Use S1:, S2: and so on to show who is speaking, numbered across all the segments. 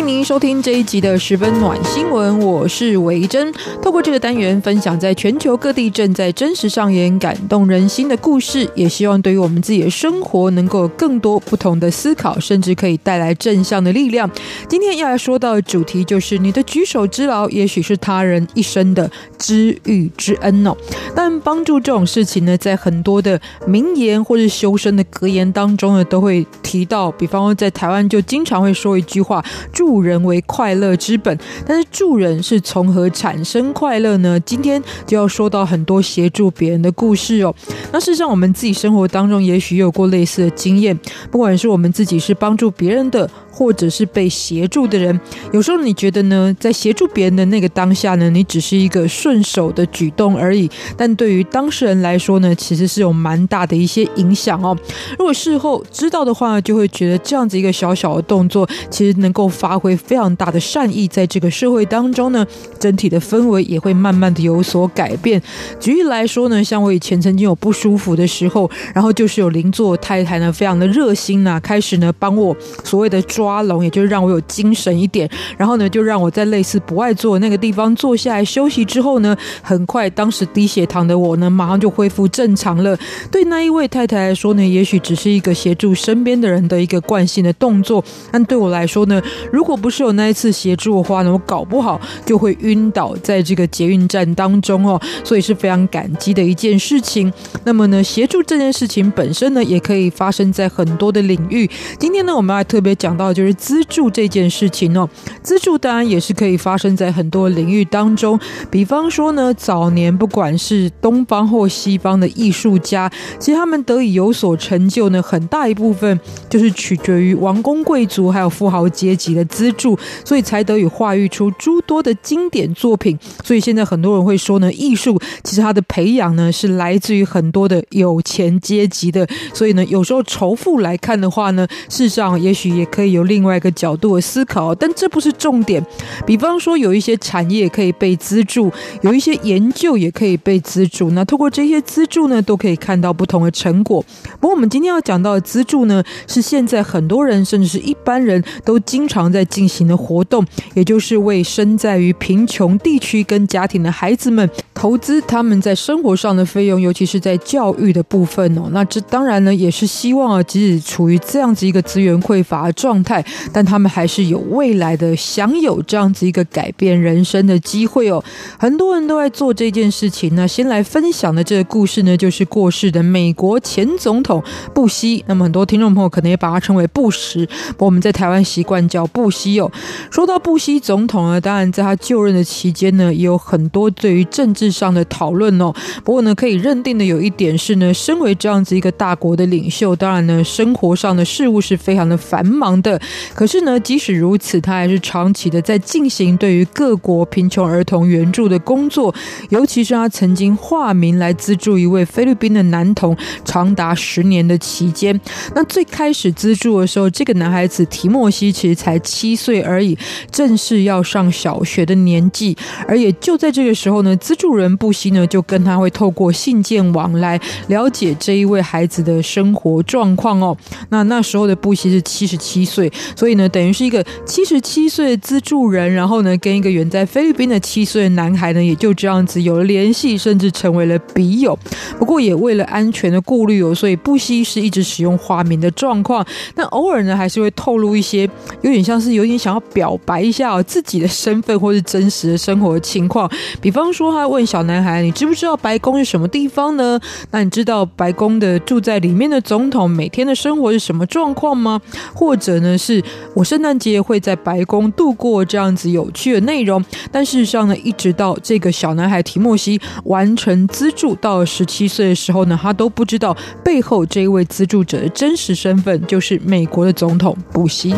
S1: 歡迎您收聽這一集的十分暖新聞，我是維珍。透過這個單元分享，在全球各地正在真實上演感動人心的故事，也希望對於我們自己的生活能夠有更多不同的思考，甚至可以帶來正向的力量。今天要來說到的主題就是，你的舉手之勞，也許是他人一生的知遇之恩哦。但幫助這種事情呢，在很多的名言或是修身的格言當中呢，都會提到。比方說在台灣就經常會說一句話：祝助人為快樂之本，但是助人是從何產生快樂呢？今天就要說到很多協助別人的故事哦。那事實上，我們自己生活當中，也許也有過類似的經驗，不管是我們自己是幫助別人的。或者是被協助的人，有時候你覺得呢？在協助別人的那個當下呢，你只是一個順手的舉動而已。但對於當事人來說呢，其實是有蠻大的一些影響哦。如果事後知道的話，就會覺得這樣子一個小小的動作，其實能夠發揮非常大的善意。在這個社會當中呢，整體的氛圍也會慢慢的有所改變。舉例來說呢，像我以前曾經有不舒服的時候，然後就是有鄰座太太呢，非常的熱心啊，開始呢幫我所謂的。抓龍，也就是讓我有精神一點。然後呢，就讓我在類似不愛坐的那個地方坐下來休息之後呢，很快當時低血糖的我呢，馬上就恢復正常了。對那一位太太來說呢，也許只是一個協助身邊的人的一個慣性的動作，但對我來說呢，如果不是有那一次協助的話呢，我搞不好就會暈倒在這個捷運站當中哦。所以是非常感激的一件事情。那麼呢，協助這件事情本身呢，也可以發生在很多的領域。今天呢，我們要特別講到。就是資助這件事情哦，資助當然也是可以發生在很多領域當中。比方說呢，早年不管是東方或西方的藝術家，其實他們得以有所成就呢，很大一部分就是取決於王公貴族還有富豪階級的資助，所以才得以化育出諸多的經典作品。所以現在很多人會說呢，藝術其實它的培養呢，是來自於很多的有錢階級的。所以呢，有時候仇富來看的話呢，事實上也許也可以有。有另外一個角度的思考，但這不是重點。比方說，有一些產業可以被資助，有一些研究也可以被資助。那通過這些資助呢，都可以看到不同的成果。不過，我們今天要講到的資助呢，是現在很多人，甚至是一般人都經常在進行的活動，也就是為身在於貧窮地區跟家庭的孩子們投資他們在生活上的費用，尤其是在教育的部分哦。那這當然呢，也是希望啊，即使處於這樣子一個資源匱乏的狀態。但他們還是有未來的，享有這樣子一個改變人生的機會哦。很多人都在做這件事情，那先來分享的這個故事呢，就是過世的美國前總統布希。那麼，很多聽眾朋友可能也把他稱為布什，我們在台灣習慣叫布希哦。說到布希總統呢，當然在他就任的期間呢，也有很多對於政治上的討論哦。不過呢，可以認定的有一點是呢，身為這樣子一個大國的領袖，當然呢，生活上的事務是非常的繁忙的。可是呢，即使如此，他還是長期的在進行對於各國貧窮兒童援助的工作，尤其是他曾經化名來資助一位菲律賓的男童長達十年的期間。那最開始資助的時候，這個男孩子提莫西其實才七歲而已，正是要上小學的年紀。而也就在這個時候呢，資助人布希呢就跟他會透過信件往來了解這一位孩子的生活狀況哦。那那時候的布希是七十七歲。所以呢，等於是一個七十七歲的資助人，然後呢，跟一個遠在菲律賓的七歲的男孩呢，也就這樣子有了聯繫，甚至成為了筆友。不過也為了安全的顧慮哦，所以不惜是一直使用化名的狀況。但偶爾呢，還是會透露一些，有點像是有點想要表白一下、哦、自己的身份，或是真實的生活的情況。比方說，他問小男孩：“你知不知道白宮是什麼地方呢？那你知道白宮的住在裡面的總統每天的生活是什麼狀況嗎？或者呢？”是我聖誕節會在白宮度過這樣子有趣的內容，但事實上呢，一直到這個小男孩提莫西完成資助到十七歲的時候呢，他都不知道背後這一位資助者的真實身份，就是美國的總統布希。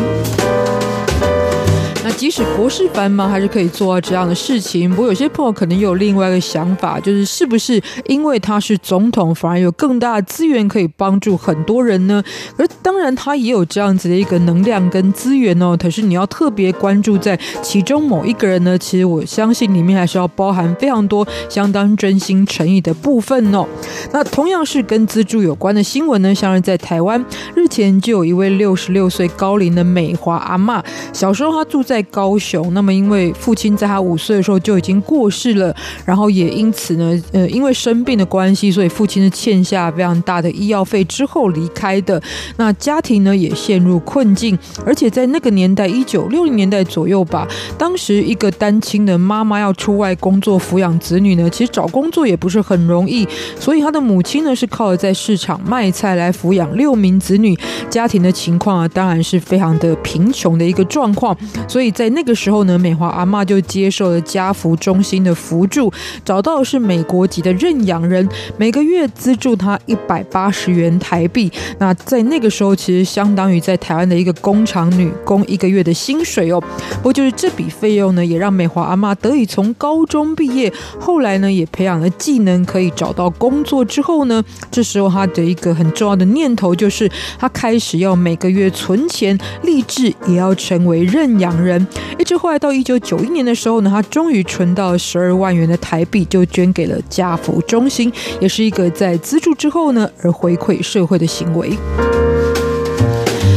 S1: 那即使國事繁忙，還是可以做到這樣的事情。不過，有些朋友可能有另外一個想法，就是是不是因為他是總統，反而有更大的資源可以幫助很多人呢？而當然，他也有這樣子的一個能量跟資源哦。可是，你要特別關注在其中某一個人呢？其實，我相信裡面還是要包含非常多相當真心誠意的部分哦。那同樣是跟資助有關的新聞呢，像是在台灣日前就有一位六十六歲高齡的美華阿嬤，小時候她住在。在高雄，那麼因為父親在他五歲的時候就已經過世了，然後也因此呢，呃，因為生病的關係，所以父親是欠下非常大的醫藥費之後離開的。那家庭呢也陷入困境，而且在那個年代，一九六零年代左右吧，當時一個單親的媽媽要出外工作撫養子女呢，其實找工作也不是很容易，所以他的母親呢是靠在市場賣菜來撫養六名子女，家庭的情況啊當然是非常的貧窮的一個狀況，所以。所以在那個時候呢，美華阿嬤就接受了家福中心的扶助，找到的是美國籍的認養人，每個月資助她一百八十元台幣。那在那個時候，其實相當於在台灣的一個工廠女工一個月的薪水哦。不過就是這筆費用呢，也讓美華阿嬤得以從高中畢業。後來呢，也培養了技能，可以找到工作。之後呢，這時候她的一個很重要的念頭就是，她開始要每個月存錢，立志也要成為認養人。一直後來到一九九一年的時候呢，他終於存到十二萬元的台幣，就捐給了家扶中心，也是一個在資助之後呢而回饋社會的行為。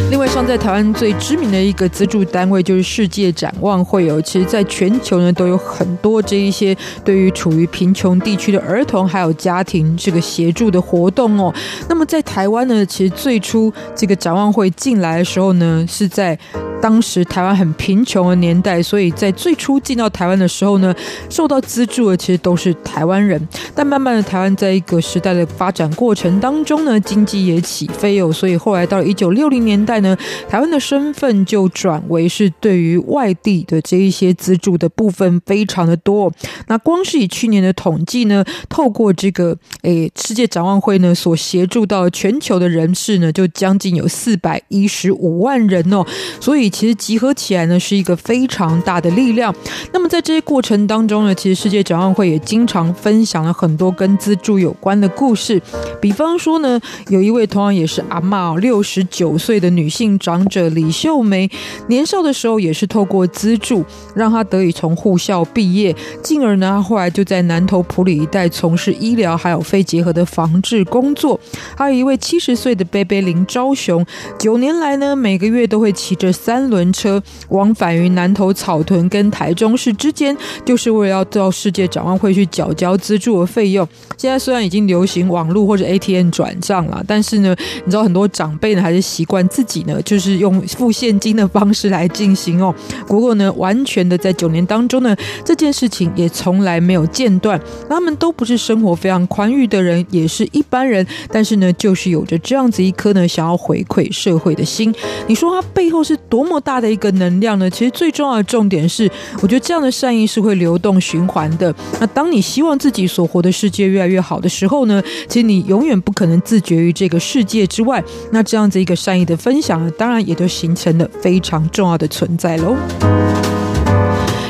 S1: 另外，像在台灣最知名的一個資助單位就是世界展望會哦，其實，在全球呢都有很多這一些對於處於貧窮地區的兒童還有家庭這個協助的活動哦。那麼，在台灣呢，其實最初這個展望會進來的時候呢，是在。當時台灣很貧窮的年代，所以在最初進到台灣的時候呢，受到資助的其實都是台灣人。但慢慢的，台灣在一個時代的發展過程當中呢，經濟也起飛哦，所以後來到了一九六零年代呢，台灣的身份就轉為是對於外地的這一些資助的部分非常的多。那光是以去年的統計呢，透過這個誒世界展望會呢，所協助到全球的人士呢，就將近有四百一十五萬人哦，所以。其實集合起來呢，是一個非常大的力量。那麼在這些過程當中呢，其實世界展望會也經常分享了很多跟資助有關的故事。比方說呢，有一位同樣也是阿嬤，六十九歲的女性長者李秀梅，年少的時候也是透過資助，讓她得以從護校畢業，進而呢，後來就在南投埔里一帶從事醫療還有肺結核的防治工作。還有一位七十歲的貝貝林昭雄，九年來呢，每個月都會騎着三三輪車往返於南投草屯跟台中市之間，就是為了要到世界展望會去繳交資助的費用。現在雖然已經流行網路或者 ATM 轉賬了，但是呢，你知道很多長輩呢還是習慣自己呢，就是用付現金的方式來進行哦。不過呢，完全的在九年當中呢，這件事情也從來沒有間斷。他們都不是生活非常寬裕的人，也是一般人，但是呢，就是有着這樣子一顆呢想要回饋社會的心。你說他背後是多？這麼大的一個能量呢，其實最重要的重點是，我覺得這樣的善意是會流動循環的。那當你希望自己所活的世界越來越好的時候呢，其實你永遠不可能自絕於這個世界之外。那這樣子一個善意的分享呢，當然也就形成了非常重要的存在嘍。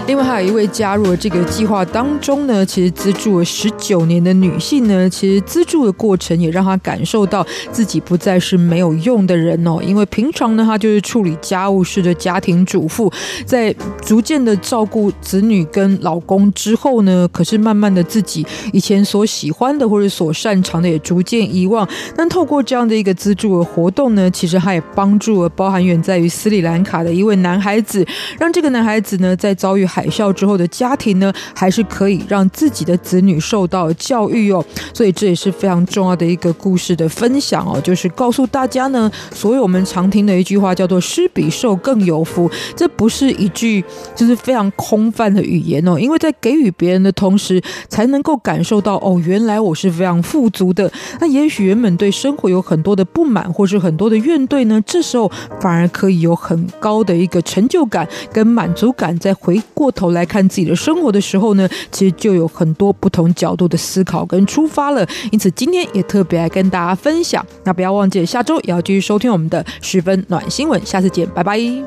S1: 另外還有一位加入了這個計劃當中呢，其實資助了十九年的女性呢，其實資助的過程也讓她感受到自己不再是沒有用的人哦。因為平常呢，她就是處理家務事的家庭主婦，在逐漸的照顧子女跟老公之後呢，可是慢慢的自己以前所喜歡的或者所擅長的也逐漸遺忘。那透過這樣的一個資助的活動呢，其實她也幫助了包含遠在於斯里蘭卡的一位男孩子，讓這個男孩子呢在遭遇。海嘯之後的家庭呢，還是可以讓自己的子女受到教育哦、喔，所以這也是非常重要的一個故事的分享哦、喔，就是告訴大家呢，所以我們常聽的一句話叫做“施比受更有福”，這不是一句就是非常空泛的語言哦、喔，因為在給予別人的同時，才能夠感受到哦、喔，原來我是非常富足的。那也許原本對生活有很多的不滿或是很多的怨懟呢，這時候反而可以有很高的一個成就感跟滿足感，在回過。過頭來看自己的生活的時候呢，其實就有很多不同角度的思考跟出發了。因此，今天也特別來跟大家分享。那不要忘記，下周也要繼續收聽我們的十分暖新聞。下次見，拜拜。